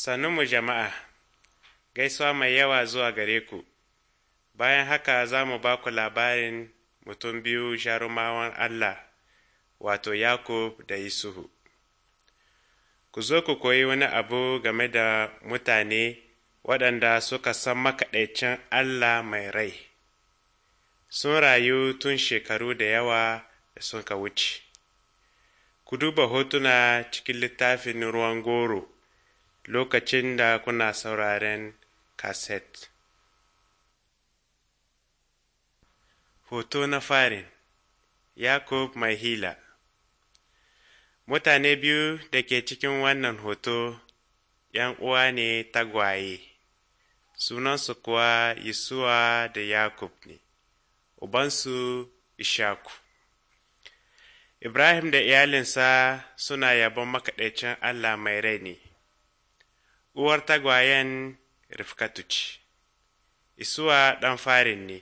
Sannu jama'a, gaisuwa mai yawa zuwa gare ku, bayan haka za mu ba ku labarin mutum biyu jarumawan Allah, wato Yakub da isuhu Ku zo ku koyi wani abu game da mutane waɗanda suka san makaɗaicin Allah mai rai, sun rayu tun shekaru da yawa da sun ka wuce. Ku duba hotuna cikin littafin ruwan goro. lokacin da kuna sauraren kaset. Hoto na farin Yakub mai hila Mutane biyu da ke cikin wannan hoto ‘yan uwa ne tagwaye, sunansu kuwa Yisuwa da Yakub ne, ubansu Ishaku. Ibrahim da iyalinsa suna yabon makaɗaicin Allah mai rai ne. uwar tagwayen Rifkatu ce, Isuwa ɗan farin ne,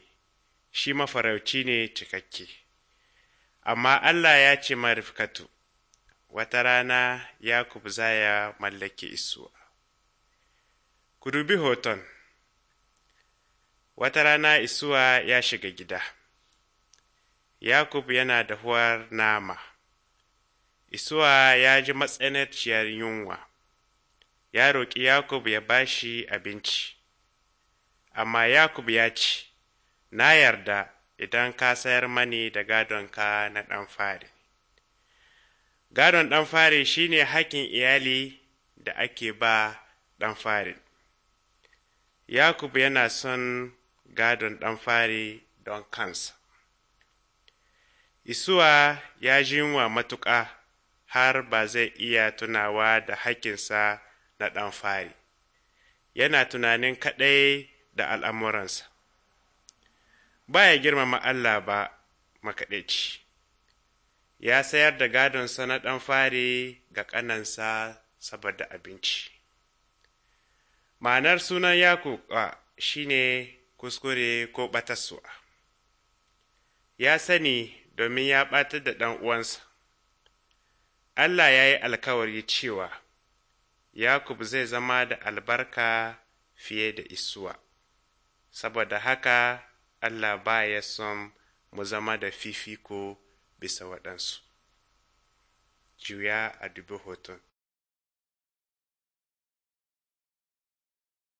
shi mafarauci ne cikakke. Amma Allah ya ce ma Rifkatu, wata rana Yakub za ya mallake Isuwa. Ku dubi hoton, wata rana Isuwa ya shiga gida. Yakub yana dahuwar nama. Isuwa ya ji ciyar yunwa. ya roƙi Yakub ya ba shi abinci, amma Yakub ya ce, Na yarda idan ka sayar mani da gadonka na ɗan fari. Gadon ɗan fari shi ne hakin iyali da ake ba ɗan fari. Yakub yana son gadon ɗan fari don kansa. Isuwa ya jinwa matuƙa har ba zai iya tunawa da hakinsa da ɗan fari, yana tunanin kaɗai da al'amuransa. Ba ya girmama Allah ba makaɗaici, ya sayar da gadonsa na ɗan fari ga ƙanansa saboda abinci. Ma'anar sunan Yakuba shi ne kuskure ko ɓataswa. Ya sani domin ya ɓatar da ɗan uwansa. Allah ya yi alkawari cewa, yakub zai zama da albarka fiye da isuwa saboda haka allah ba ya son mu zama da fifiko bisa waɗansu juya a dubi hoton